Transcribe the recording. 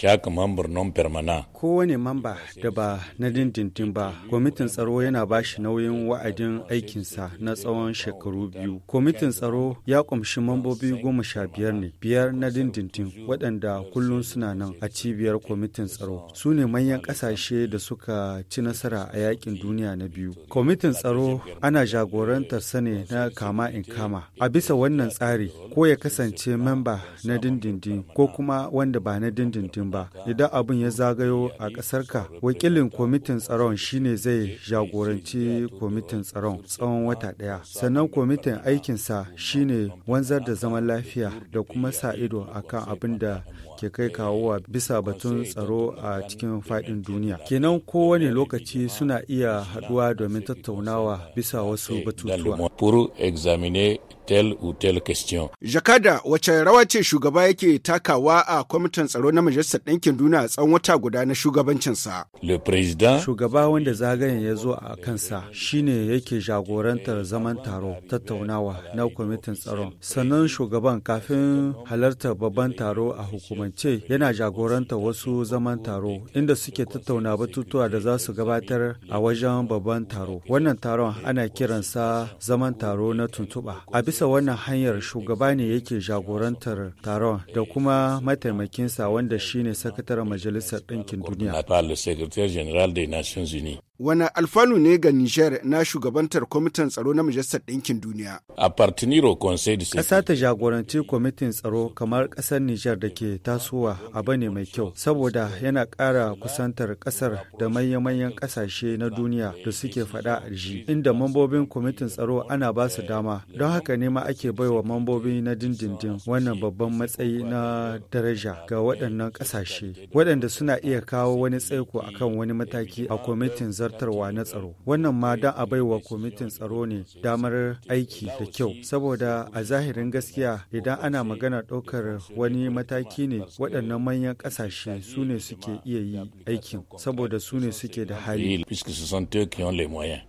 Shaka mambar non permana Kowane mamba da ba na dindindin ba, kwamitin tsaro yana ba shi nauyin wa'adin aikinsa na tsawon shekaru biyu. Kwamitin tsaro ya kumshi mambobi goma sha biyar ne, biyar na dindindin waɗanda kullum suna nan a cibiyar kwamitin tsaro. Su ne manyan ƙasashe da suka ci nasara a yakin duniya na biyu. Kwamitin tsaro ana jagorantar sane na kama in kama. A bisa wannan tsari, ko ya kasance mamba na dindindin ko kuma wanda ba na dindindin nan ba idan abin ya zagayo a ƙasarka wakilin kwamitin tsaron shine zai jagoranci kwamitin tsaron tsawon wata ɗaya sannan kwamitin aikinsa shine wanzar da zaman lafiya da kuma sa ido akan abin da ke kai kawowa bisa batun tsaro a cikin faɗin duniya kenan kowane lokaci suna iya haɗuwa domin tattaunawa bisa wasu batutuwa telle ou telle question. Jakada wacce rawa ce shugaba yake takawa a kwamitin tsaro na Majalisar Ɗinkin Duniya a tsawon wata guda na shugabancinsa? Le président. shugaba wanda zagayen ya zo a kansa shine yake jagorantar zaman taro tattaunawa na kwamitin tsaro. Sannan shugaban kafin halartar babban taro a hukumance yana jagorantar wasu zaman taro inda suke tattauna batutuwa da za su gabatar a wajen babban taro. Wannan taron ana kiransa zaman taro na tuntuɓa. A bisa bisa wannan hanyar shugaba ne yake jagorantar taron da kuma mataimakinsa wanda shine sakataren majalisar ɗinkin duniya Wani alfanu ne ga Nijar na shugabantar kwamitin tsaro na Majalisar Ɗinkin Duniya? A Partiniro Ƙasa ta jagoranci kwamitin tsaro kamar ƙasar Nijar da ke tasowa a bane mai kyau, saboda yana ƙara kusantar ƙasar da manya-manyan ƙasashe na duniya da suke faɗa a ji, inda mambobin kwamitin tsaro ana ba su dama. Don haka ne ma ake baiwa mambobi na dindindin wannan babban matsayi na daraja ga waɗannan ƙasashe, waɗanda suna iya kawo wani tsaiko akan wani mataki a kwamitin tsaro. zartarwa na tsaro wannan ma don a baiwa kwamitin tsaro ne damar aiki da kyau saboda a zahirin gaskiya idan ana magana ɗaukar wani mataki ne waɗannan manyan ƙasashe su ne suke iya yi aikin saboda su ne suke da hali